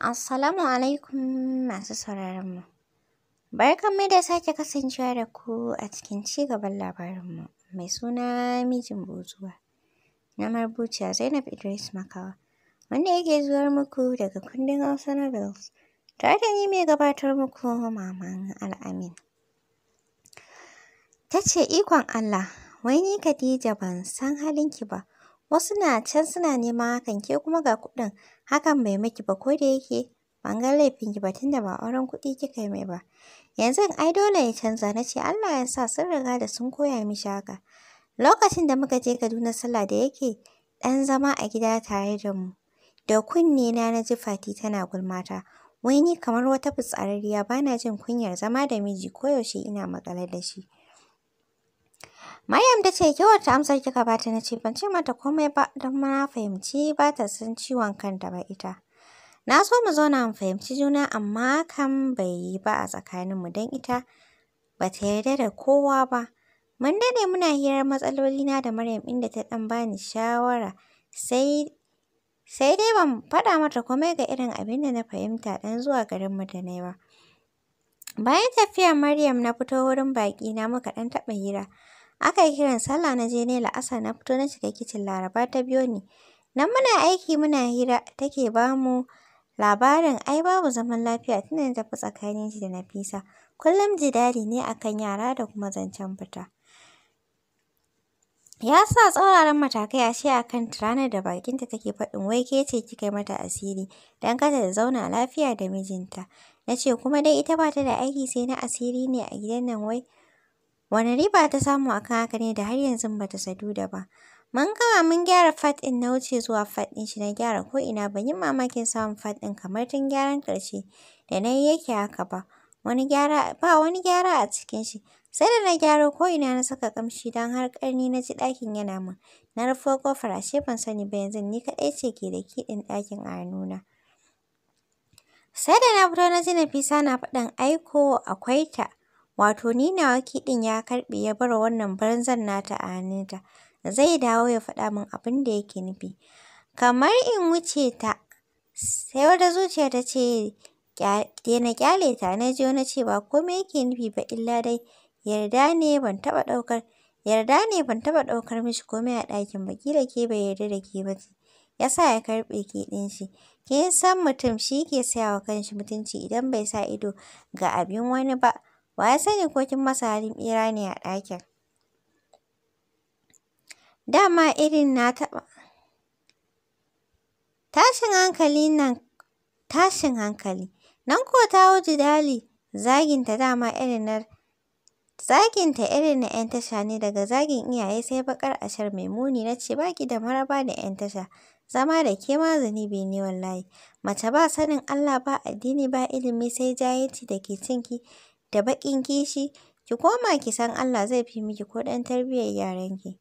Assalamu alaikum masu sauraron Barkan Barkanmu da sake kasancewa da ku a cikin ci cigaban mu. mai suna mijin bozuwa na marbuciya Zainab Idris Makawa wanda yake zuwa muku daga kundin Hausa Novels tare da ni mai gabatar muku Maman Al'amin. Ta ce ikon Allah Wani ni Khadija ban san ki ba Wasu na can suna neman hakan ke kuma ga kuɗin hakan bai miki ba ko da yake ban ga laifinki ba tunda ba auren kuɗi kika yi mai ba. Yanzu ai dole ya canza na ce Allah ya sa sun riga da sun koya mishi haka. Lokacin da muka je Kaduna sallah da yake ɗan zama a gida tare da mu. Da kunne na na ji Fati tana gulmata. Wai ni kamar wata fitsararriya bana jin kunyar zama da miji koyaushe ina maƙale da shi. Maryam ta ce kiwa ta amsar kika bata na ce ban ce mata komai ba don na fahimci ba ta san ciwon kanta ba ita. Na so mu zauna mu fahimci juna amma kan bai yi ba a mu don ita ba ta yarda da kowa ba. Mun daɗe muna hirar matsaloli na da Maryam inda ta dan bani shawara sai sai dai ban faɗa mata komai ga irin abin da na fahimta dan zuwa garin mu da nayi ba. Bayan tafiyar Maryam na fito wurin baki na muka ɗan taɓa hira. Aka yi kiran sallah na je ne la'asa na fito na shiga kicin Laraba ta biyo ni. Nan muna aiki muna hira take ba mu labarin ai babu zaman lafiya tunda na tafi tsakanin shi da fisa. Kullum jidali ne akan yara da kuma zancen fita. Ya sa tsauraran matakai ashe a kan ranar da bakinta take faɗin wai ke ce kika mata asiri dan kada da zauna lafiya da mijinta. Na ce kuma dai ita ba ta da aiki sai na asiri ne a gidan nan wai. Wani riba ta samu a kan haka ne da har yanzu ba ta sadu da ba. Mun gama mun gyara fat ɗin na wuce zuwa fat ɗin shi na gyara ko'ina ban yi mamakin samun fat ɗin kamar tun gyaran ƙarshe da na yi yake haka ba. Wani gyara ba wani gyara a cikin shi. Sai da na gyaro ko'ina na saka ƙamshi don har ƙarni na ji ɗakin yana min. Na rufo ƙofar ashe ban sani ba yanzu ni kaɗai ce ke da kiɗin ɗakin a hannuna. Sai da na fito na ji Nafisa na faɗin aiko akwai ta. Wato ni nawa kiɗin ya karɓe ya bar wannan banzan nata a hannunta. Zai dawo ya faɗa min abin da yake nufi. Kamar in wuce ta, sai wata zuciya ta ce na ƙyale ta na je na ce ba komai yake nufi ba illa dai yarda ne ban taɓa ɗaukar yarda ne ban taɓa ɗaukar mishi komai a ɗakin ba kila ke bai yarda da ke ba Ya sa ya karɓe kiɗin shi. Kin san mutum shi ke saya wa kanshi mutunci idan bai sa ido ga abin wani ba. Wa ya sani ko kin masa halin ɓera ne a ɗakin? Dama irin na taɓa. Tashin hankali nan, tashin hankali. Nan ko ta wuce dali zaginta dama irin na Zaginta irin na 'yan tasha ne daga zagin iyaye sai baƙar ashar mai muni na ce baki da maraba da 'yan tasha. Zama da ke ma zunubi ne wallahi. Mace ba sanin Allah ba addini ba ilimi sai jayanci da ke cinki. da baƙin kishi, ki koma ki san Allah zai fi miki ko ɗan tarbiyyar ki.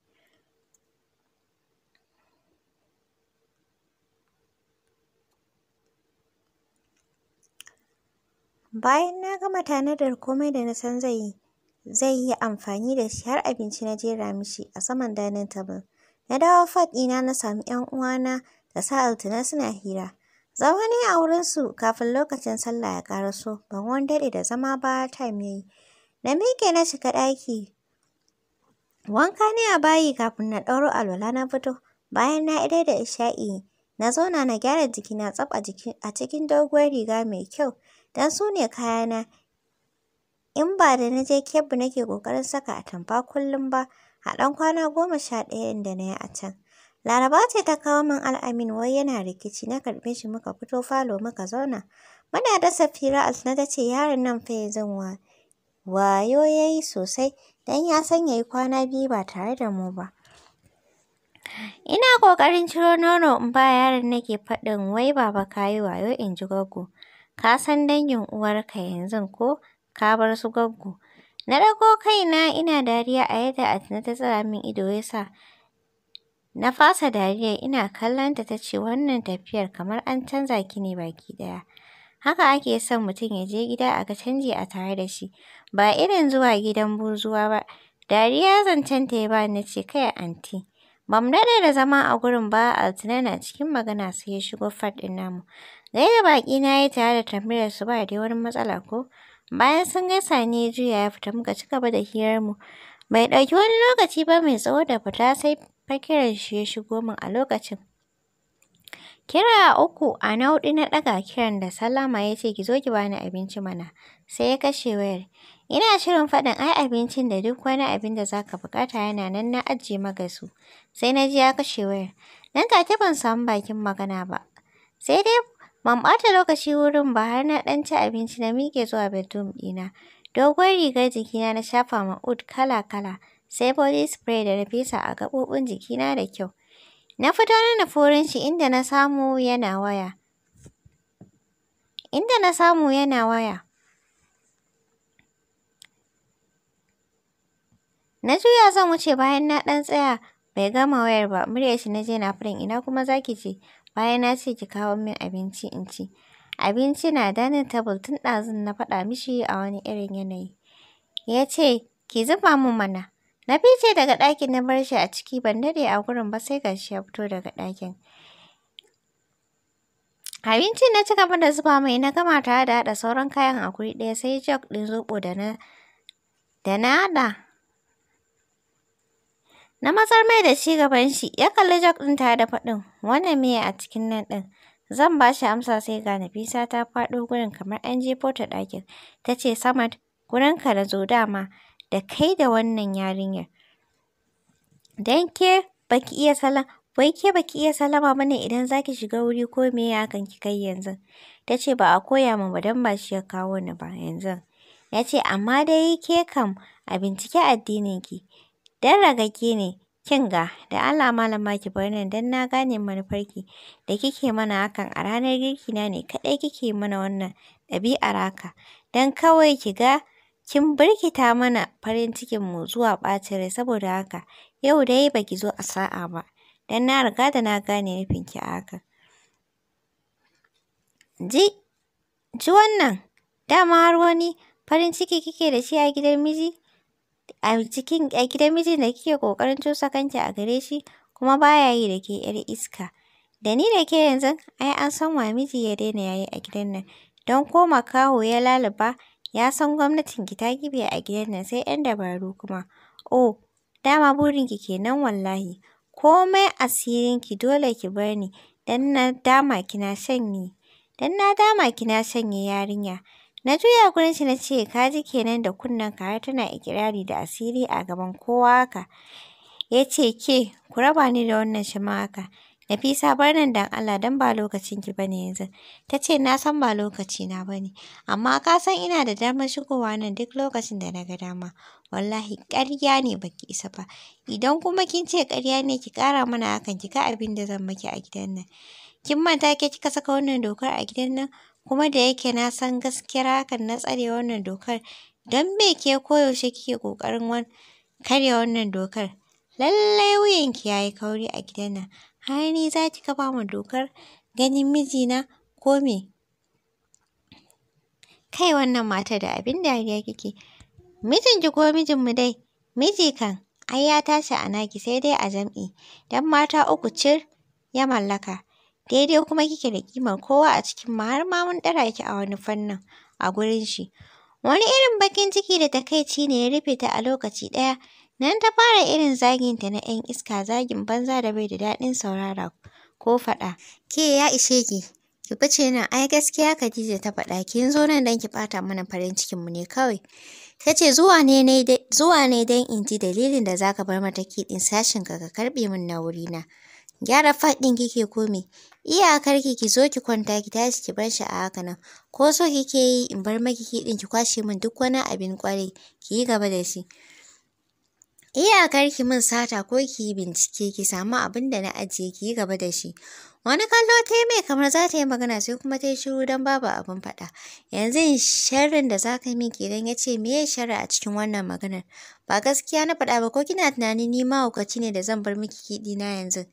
Bayan na gama tanadar komai da na san zai yi, zai yi amfani da shi har abinci na jera mishi a saman dining table. Na dawo fat ɗina na samu ‘yan uwana da sa’altuna suna hira. Zama ne a wurinsu kafin lokacin sallah ya ƙaraso, ban wani daɗe da zama ba time ya Na miƙe na shiga ɗaki. Wanka ne a bayi kafin na ɗauro alwala na fito. Bayan na idai da isha'i, na zauna na gyara jikina tsaf a cikin doguwar riga mai kyau, don su ne kayana. In ba da na je Kebbi nake ƙoƙarin saka atamfa kullum ba, a ɗan kwana goma sha ɗayan da na yi a can. Laraba ce ta kawo min al'amin wai yana rikici na karɓe shi muka fito falo muka zauna. Muna da safira asna ta ce yaron nan fa zan wa wayo ya sosai dan ya san yayi kwana biyu ba tare da mu ba. Ina ƙoƙarin ciro nono in ba yaron nake faɗin wai baba ka wayo in ji gaggo. Ka san dangin uwarka yanzu ko ka bar su gaggo. Na dago kaina ina dariya a yadda Asna ta tsira min ido ya sa Na fasa dariya, ina kallonta ta ce wannan tafiyar kamar an canza ki ne baki ɗaya. Haka ake son mutum ya je gida a ga canji a tare da shi, ba irin zuwa gidan buzuwa ba. Dariya zancen ta ya bani na ce kai anti. Ba mu daɗe da zama a gurin ba Altina na cikin magana sai ya shigo fat ɗin namu. Gaida baki na yi tare da tambayar su ba dai wani matsala ko. Bayan sun gaisa ni ya juya ya fita muka ci gaba da hirarmu. Bai ɗauki wani lokaci ba mai tsawo da fita sai har kiran shi ya shigo min a lokacin. Kira uku a na huɗu na ɗaga kiran da Salama ya ce ki zo ki bani abinci mana. Sai ya kashe wayar. Ina shirin faɗin ai abincin da duk wani abin da za ka buƙata yana nan na ajiye maka su. Sai na ji ya kashe wayar. Nan take ban samu bakin magana ba. Sai dai ban ɓata lokaci wurin ba har na ɗan ci abinci na miƙe zuwa bedroom ɗina. Doguwar rigar jikina na shafa ma ud kala-kala. sai body spray da na fesa a gaɓoɓin jikina da kyau. Na fito na nufi wurin shi inda na samu yana waya. Inda na samu yana waya. Na juya zan wuce bayan na ɗan tsaya bai gama wayar ba muryar shi na je na furin ina kuma za ki je bayan na ce ki kawo min abinci in ci. Abinci na dining table tun ɗazun na faɗa mishi a wani irin yanayi. Ya ce ki zuba min mana. Na fice daga ɗakin na bar shi a ciki ban dade a gurin ba sai gashi ya fito daga ɗakin. Abincin na cika mana zuba mai na gama tare da haɗa sauran kayan a guri ɗaya sai jog ɗin zoɓo da na da haɗa. Na matsar mai da shi gaban shi ya kalli jog ɗin tare da faɗin wannan meye a cikin nan ɗin. Zan ba shi amsa sai ga Nafisa ta faɗo gurin kamar an jefo ta ɗakin. Ta ce Samad gurinka da zo dama. da kai da wannan yarinyar. Dan ke baki iya salama wai ke baki iya salama mana idan zaki shiga wuri ko me ya hakan ki kai yanzu. Ta ce ba a koya min ba dan ba shi ya kawo ni ba yanzu. Ya amma dai ke kam a bincike addinin ki. Dan ragake ne kin ga da Allah malama ki bar nan dan na gane ki da kike mana hakan a ranar girki na ne kadai kike mana wannan ɗabi'ar haka dan kawai ki ga Kin birkita mana farin cikin mu zuwa ɓacin rai saboda haka yau dai baki zo a sa'a ba, don na riga da na gane nufin ki a hakan. Ji, ji wannan, dama har wani farin ciki kike da shi a gidan miji? A cikin a gidan mijin da kike kokarin cusa kanki a gare shi kuma baya yi da ke 'yar iska. Da ni da ke yanzu ai an san wa miji ya daina yayi a gidan nan, don ko makaho ya laluba Ya san gwamnatinki ta gibe a gidan nan sai 'yan dabaru kuma. Oh, dama burinki kenan wallahi. Komai asirinki dole ki bar ni don na dama ki na shanye. Don na dama ki na shanye yarinya. Na juya gurin shi na ce ka ji kenan da kunnen ka har tana ikirari da asiri a gaban kowa haka. Ya ce ke ku raba ni da wannan ma haka. Nafisa bar nan dan Allah dan ba lokacin ki bane yanzu. Ta ce na san ba lokaci na bane, amma ka san ina da damar shigowa nan duk lokacin da na ga dama. Wallahi ƙarya ne baki isa ba. Idan kuma kin ce ƙarya ne ki ƙara mana hakan ki abin da zan maki a gidan nan. Kin manta ke kika saka wannan dokar a gidan nan kuma da yake na san gaskiya hakan na tsare wannan dokar don me ke koyaushe kike ƙoƙarin karya wannan dokar. Lallai wuyan ki yayi kauri a gidan nan. har ni za ki kafa ma dokar ganin mijina ko me? Kai wannan mata da abin dariya kike. Mijinki ko mijinmu dai, miji kan ai ya tashi a naki sai dai a jam'i, Dan mata uku cir ya mallaka. Daidai kuma kike da kimar kowa a cikin mu har ma mun dara ki a wani fannin a gurin shi. Wani irin bakin ciki da takaici ne ya rufe ta a lokaci ɗaya. Nan ta fara irin zaginta na ‘yan iska, zagin banza da bai da daɗin saurara ko faɗa. Ke ya ishe ki, ki fice nan, ai gaskiya Khadija ta faɗa, kin zo nan don ki bata mana farin cikinmu ne kawai. Ta ce zuwa ne don in ji dalilin da za ka bar mata kiɗin sashinka ka karɓe min na wurina. Gyara faɗin kike ko me? Iyakarki ki zo ki kwanta ki tashi ki bar shi a haka nan. Ko so kike yi in bar maki kiɗin ki kwashe min duk wani abin ƙwarai ki yi gaba da shi. Iyakar ki min sata ko ki bincike ki samu abin da na ajiye ki gaba da shi. Wani kallo ta mai kamar za ta yi magana sai kuma ta yi shiru don babu abin faɗa. Yanzu sharrin da za ka yi min kenan ya ce me ya sharri a cikin wannan maganar. Ba gaskiya na faɗa ba ko kina tunanin ni mahaukaci ne da zan bar miki kiɗi na yanzu.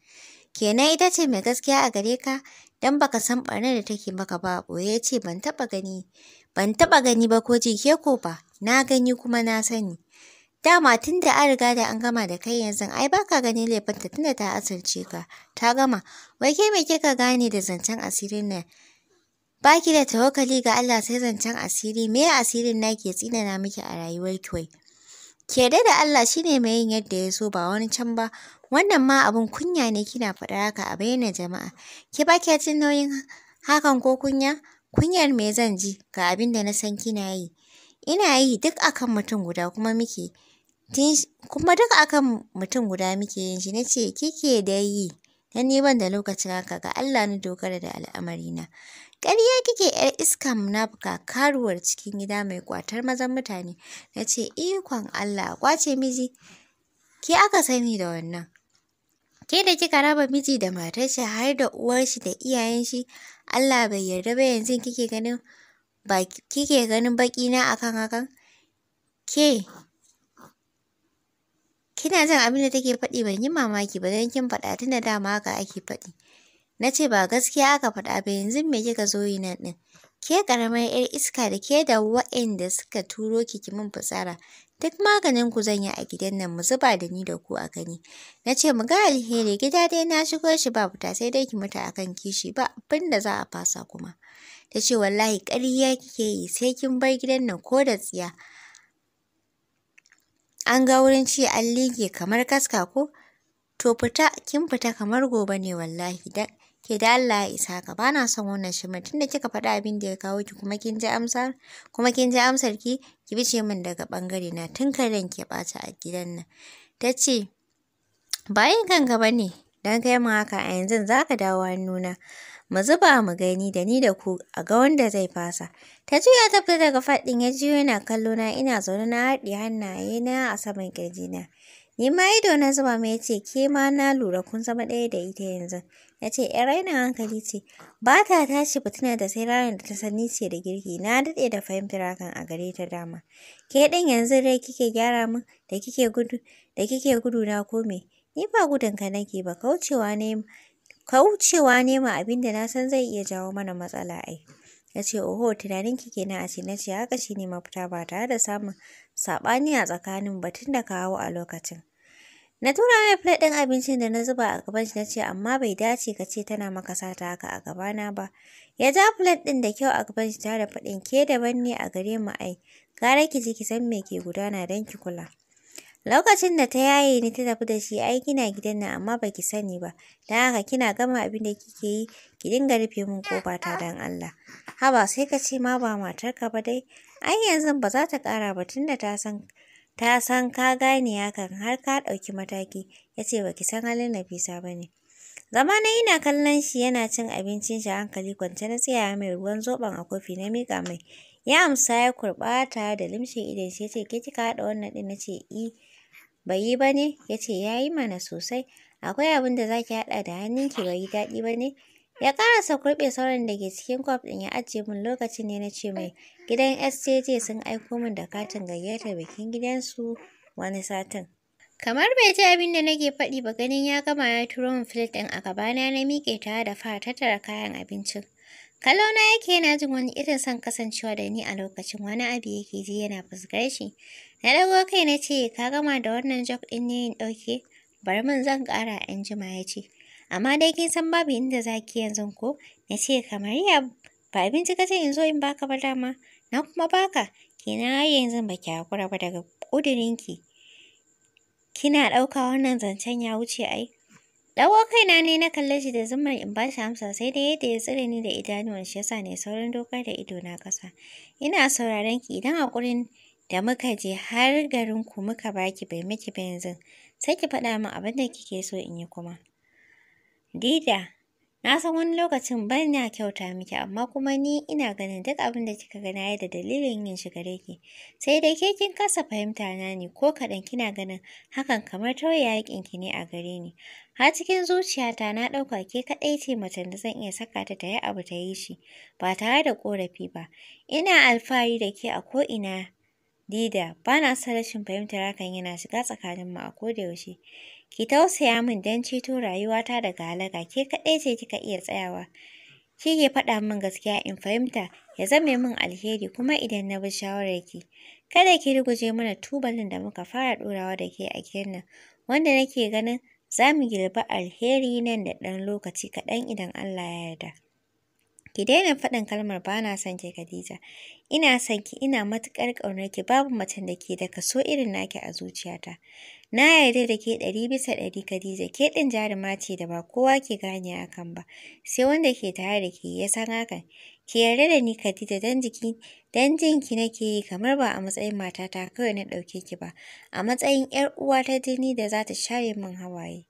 Kenan ita ce mai gaskiya a gare ka don baka san ɓarnar da take maka ba ɓoye ya ce ban taɓa gani ban taɓa gani ba ko jike ke ko ba na gani kuma na sani. Dama tun da an riga da an gama da kai yanzu ai ba ka ganin laifinta tunda ta asirce ka. Ta gama. Wai ke me kika gane da zancen asirin nan? Ba ki da tawakali ga Allah sai zancen asiri. Me asirin na ke tsinana miki a rayuwar ki Ke da da Allah shine mai yin yadda ya so ba wani can ba. Wannan ma abun kunya ne kina faɗa haka a bayyana jama'a. Ki ba ke jin nauyin hakan ko kunya? Kunyar me zan ji ga abin da na san kina yi? Ina yi duk akan mutum guda kuma muke. kuma duk akan mutum guda muke yin shi na ce kike da yi na ni da lokacin haka ga Allah na dogara da al'amarina ƙarya kike yar iska munafuka karuwar cikin gida mai kwatar mazan mutane na ce ikon Allah kwace miji ke aka sani da wannan ke da kika raba miji da matar shi har da uwar shi da iyayen shi Allah bai yarda ba yanzu kike ganin ba kike ganin baki na akan hakan ke Kina jin abin da take faɗi ban yi mamaki ba don kin faɗa tunda dama haka ake faɗi. Na ce ba gaskiya aka faɗa ba yanzu me kika zo yi nan din. Ke karamar 'yar iska da ke da waɗanda suka turo ki ki min fitsara. Duk maganin ku zan yi a gidan nan mu zuba da ni da ku a gani. Na ce mu ga alheri gida dai na shigo shi ba fita sai dai ki mutu akan kishi ba abin da za a fasa kuma. Ta ce wallahi ƙarya kike yi sai kin bar gidan nan ko da tsiya. An ga wurin ci an liƙe kamar kaska ko? To fita, kin fita kamar gobe ne wallahi da ke da Allah ya isa ka bana son wannan shi mutun tunda kika faɗa abin da ya kawo ki kuma kin ji amsar kuma kin ji amsar ki ki bice min daga bangare na tun karen ke ɓata a gidan nan. tace ce, bayan kanka ba ne, don kai mu haka a yanzu zaka dawo hannuna. mu zuba mu gani da ni da ku a ga wanda zai fasa. Ta juya ta fita daga faɗin ya ji yana kallo na ina zaune na haɗe hannaye na a saman na. Ni ma ido na zuba mai ce ke ma na lura kun zama ɗaya da ita yanzu. Ya ce ‘yar raina hankali ce ba ta tashi fitina da sai ranar da ta sani ce da girki na daɗe da fahimtar hakan a gare ta dama. Ke ɗin yanzu dai kike gyara min da kike gudu da kike gudu na kome. Ni ba gudun ka nake ba kaucewa ne Kaucewa nema abin da na san zai iya jawo mana matsala ai. Ya ce, oho, tunanin ki kenan a ce na ce haka shi ne mafita ba tare da samun saɓani a tsakanin batun da kawo a lokacin. Na tura mai filet ɗin abincin da na zuba a gaban shi na ce, amma bai dace ka ce tana maka sata haka a gabana ba. Ya ja filet ɗin da kyau a gaban shi tare da faɗin ke daban ne a gare mu ai, gara ki je ki san me ke gudana don ki kula. Lokacin da ta yaye ni ta tafi da shi ai kina gidan nan amma baki sani ba. Dan haka kina gama abin da kike yi ki dinga rufe min ta dan Allah. Haba sai ka ce ma ba matarka ba dai. Ai yanzu ba za ta ƙara ba tunda ta san ta san ka gane hakan har ka ɗauki mataki. yace ce baki san halin Nafisa ba ne. Zama na ina kallon shi yana cin abincin shi hankali kwance na tsaya mai ruwan zoban a kofi na miƙa mai. Ya amsa ya kurɓa tare da limshe idon shi ya ce ke kika haɗa wannan ɗin na ce i eh, bai yi ba ne ya ce ya yi mana sosai akwai abin da za haɗa da hannunki bai yi daɗi ba ne. Ya karasa kurɓe sauran da ke cikin kwaf ɗin ya ajiye min lokacin ne na ce mai gidan SJJ sun aiko min da katin gayyata bikin gidansu wani satin. Kamar bai ji abin da nake faɗi ba ganin ya gama ya turo min filet ɗin a gabana na miƙe tare da fara tattara kayan abincin. Kallo na yake yana jin wani irin son kasancewa da ni a lokacin wani abu yake ji yana fuskar shi. Na dago kai na ce, ka gama da wannan jug ɗin ne in ɗauke? Bari min zan ƙara in jima ya ce. Amma dai kin san babu inda za ki yanzu ko? Na ce, kamar ya ba abinci ka ce in zo in baka ba dama. Na kuma baka, kina har yanzu ba ki haƙura ba daga ƙudurinki. Kina ɗauka wannan zancen ya wuce ai? Dawo kaina ne na kalle shi da zummar in ba shi amsa sai da yadda ya tsire ni da idanuwan shi yasa ne saurin dokar da ido na ƙasa. Ina sauraron ki idan haƙurin da muka je har garin ku muka baki bai miki ba yanzu sai ki faɗa min abin da kike so in yi kuma. Dida Na san wani lokacin ban na kyauta miki amma kuma ni ina ganin duk abin da kika gana da dalilin yin shi gare ki. Sai dai ke kin kasa fahimta na ne ko kaɗan kina ganin hakan kamar tauye yaƙin ki ne a gare ni. Har cikin zuciyata na ɗauka ke kaɗai ce macen da zan iya saka ta ta yi abu ta yi shi ba tare da ƙorafi ba. Ina alfahari da ke a ko'ina Dida, ba na son rashin fahimtar hakan yana shiga tsakaninmu a kodayaushe. Ki tausaya min don ceto rayuwata daga halaka, ke kaɗai ce kika iya tsayawa. Ki ke faɗa min gaskiya in fahimta, ya zame min alheri kuma idan na bi shawararki. Kada ki ruguje mana tubalin da muka fara ɗorawa da ke a gidan nan, wanda nake ganin za mu girbi alheri nan da ɗan lokaci kaɗan idan Allah ya yarda. Ki daina faɗin kalmar ba na son ki Khadija. Ina son ki, ina matuƙar ƙaunar ki, babu macen da ke da kaso irin naki a zuciyata. Na yarda da ke ɗari bisa ɗari Khadija, ke ɗin jaruma ce da ba kowa ke gane kan ba, sai wanda ke tare da ke ya san hakan. Ki yarda da ni Khadija dan jiki dan jin ki nake yi kamar ba a matsayin matata kawai na ɗauke ki ba, a matsayin 'yar uwa ta jini da za ta share min hawaye.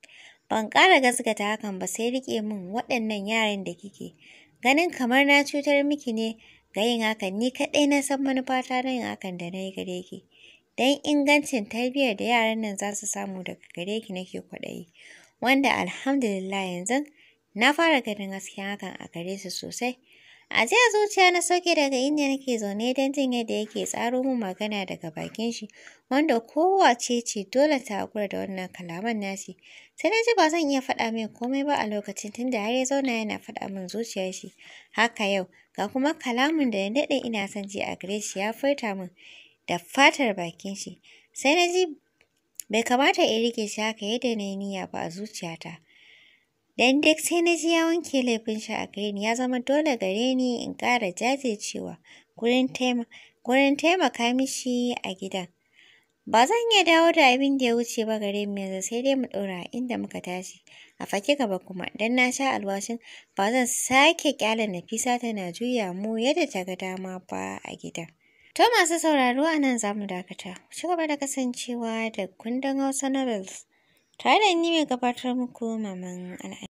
Ban ƙara gasgata hakan ba sai riƙe min waɗannan yaran da kike. Ganin kamar na cutar miki ne ga yin hakan ni kaɗai na san manufata na yin hakan da na yi gare ki. Don ingancin tarbiyyar da yaran nan za su samu daga gare ki nake kwaɗayi. Wanda alhamdulillah yanzu na fara ganin hasken hakan a gare su sosai. A jiya zuciya na sauke daga inda nake zaune don jin yadda yake tsaro mun magana daga bakin shi, wanda kowace ce dole ta haƙura da wannan kalaman nashi. Sai na ji ba zan iya faɗa min komai ba a lokacin tunda har ya zauna yana faɗa min zuciyar shi. Haka yau, ga kuma kalamin da na daɗe ina son ji a gare shi ya furta min da fatar bakin shi. Sai na ji bai kamata in rike shi haka yadda na yi niyya ba a zuciyata. Dan duk sai na ji ya wanke laifin shi a kai ni ya zama dole gare ni in ƙara jajircewa gurin taimaka mishi a gidan. Ba zan iya dawo da abin da ya wuce ba gare mu yanzu sai dai mu ɗora inda muka tashi. A faki gaba kuma dan na sha alwashin ba zan sake ƙyale Nafisa tana juya mu yadda ta ga dama ba a gidan. To masu sauraro a nan za mu dakata. Ku ci gaba da kasancewa da kundin Hausa Novels. Tare da ni mai gabatar muku Maman Al'ajabi.